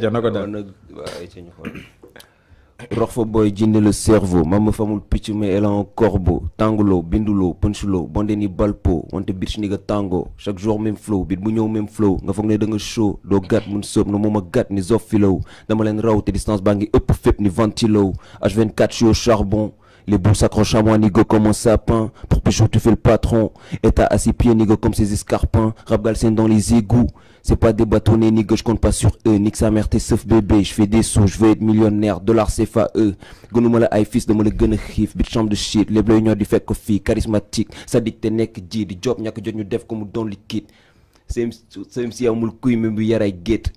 ñu le cerveau mais elle tangolo bindulo punchulo bonde ni balpo wante bitch ni ga tango chaque jour même flow bit même flow nga fogné da show do gat mun no gat ni zofilo dama len raw te distance bang ni ventilo H24 charbon les bourses s'accrochent à moi, nigo comme un sapin. Pour Pécho, tu fais le patron. Et t'as à ses pieds, nigo comme ses escarpins. Rap dans les égouts. C'est pas des bâtonnets, nigo, je compte pas sur eux. Nique sa mère, t'es sauf bébé. Je fais des sous, je veux être millionnaire. Dollar CFA, eux. Gonoumala, high fist, de le gun hif. Bitch, de shit. Les bleus, du fait coffee. Charismatique. Sadique, t'es nek, dit. Job, n'y a que Dieu, nous dev comme le liquide. C'est même c'est y'a moule couille, même y'a la